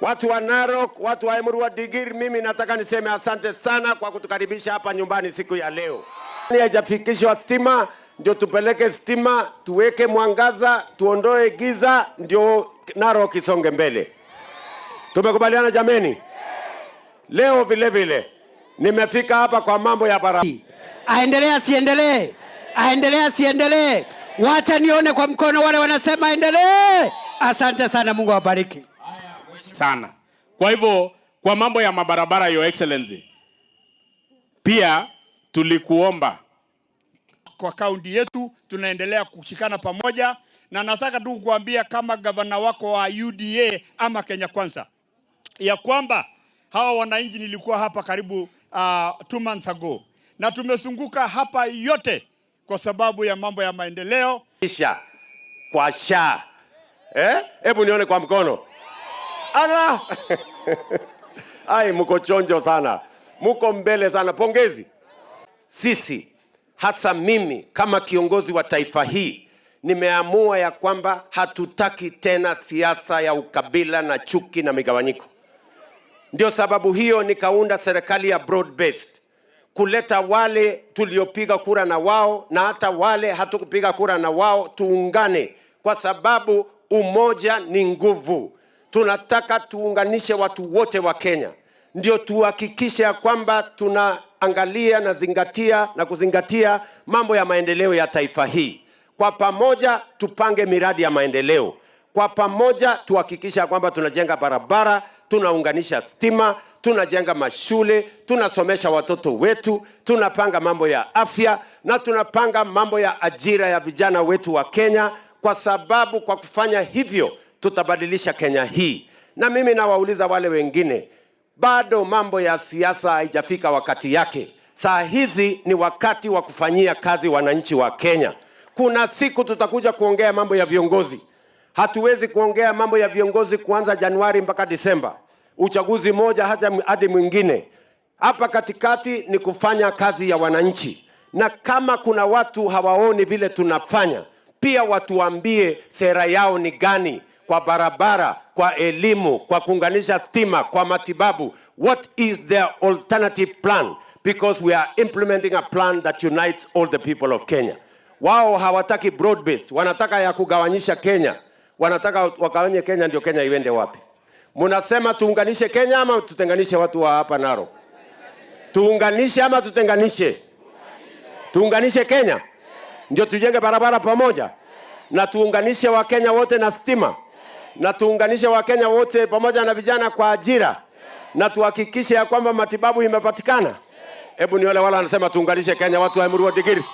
Watu wa Narok, watu wa Emurua Digir, mimi nataka niseme asante sana kwa kutukaribisha hapa nyumbani siku ya leo. Haijafikishwa stima, ndio tupeleke stima, tuweke mwangaza, tuondoe giza, ndio Narok isonge mbele. Tumekubaliana jameni? Leo vile vile nimefika hapa kwa mambo ya barabara. Aendelee asiendelee? Aendelee asiendelee? Wacha nione kwa mkono wale wanasema aendelee. Asante sana, Mungu awabariki sana. Kwa hivyo kwa mambo ya mabarabara, your excellency, pia tulikuomba kwa kaunti yetu, tunaendelea kushikana pamoja, na nataka tu kuambia kama gavana wako wa UDA ama Kenya Kwanza ya kwamba hawa wananchi, nilikuwa hapa karibu uh, two months ago, na tumezunguka hapa yote kwa sababu ya mambo ya maendeleo. kwa sha, eh? hebu eh, nione kwa mkono. Ala! Ai, mko chonjo sana, mko mbele sana, pongezi. Sisi hasa mimi kama kiongozi wa taifa hii nimeamua ya kwamba hatutaki tena siasa ya ukabila na chuki na migawanyiko. Ndio sababu hiyo nikaunda serikali ya broad based kuleta wale tuliopiga kura na wao na hata wale hatukupiga kura na wao, tuungane kwa sababu umoja ni nguvu tunataka tuunganishe watu wote wa Kenya, ndio tuhakikishe ya kwamba tunaangalia na zingatia na kuzingatia mambo ya maendeleo ya taifa hii. Kwa pamoja tupange miradi ya maendeleo, kwa pamoja tuhakikishe ya kwamba tunajenga barabara, tunaunganisha stima, tunajenga mashule, tunasomesha watoto wetu, tunapanga mambo ya afya na tunapanga mambo ya ajira ya vijana wetu wa Kenya, kwa sababu kwa kufanya hivyo tutabadilisha Kenya hii. Na mimi nawauliza wale wengine, bado mambo ya siasa haijafika wakati yake. Saa hizi ni wakati wa kufanyia kazi wananchi wa Kenya. Kuna siku tutakuja kuongea mambo ya viongozi. Hatuwezi kuongea mambo ya viongozi kuanza Januari mpaka Disemba, uchaguzi moja hata hadi mwingine. Hapa katikati ni kufanya kazi ya wananchi, na kama kuna watu hawaoni vile tunafanya, pia watuambie sera yao ni gani kwa barabara, kwa elimu, kwa kuunganisha stima, kwa matibabu. What is their alternative plan? Because we are implementing a plan that unites all the people of Kenya. Wao hawataki broad based, wanataka ya kugawanyisha Kenya, wanataka wakawanye Kenya ndio Kenya iende wapi? Munasema tuunganishe Kenya ama tutenganishe watu wa hapa naro Tuunganishe ama tutenganishe? Tuunganishe Kenya ndio tujenge barabara pamoja na tuunganishe Wakenya wote na stima na tuunganishe Wakenya wote pamoja na vijana kwa ajira na tuhakikishe ya kwamba matibabu imepatikana. Hebu ni wale wanasema tuunganishe Kenya, watu wa Emurua Digiri.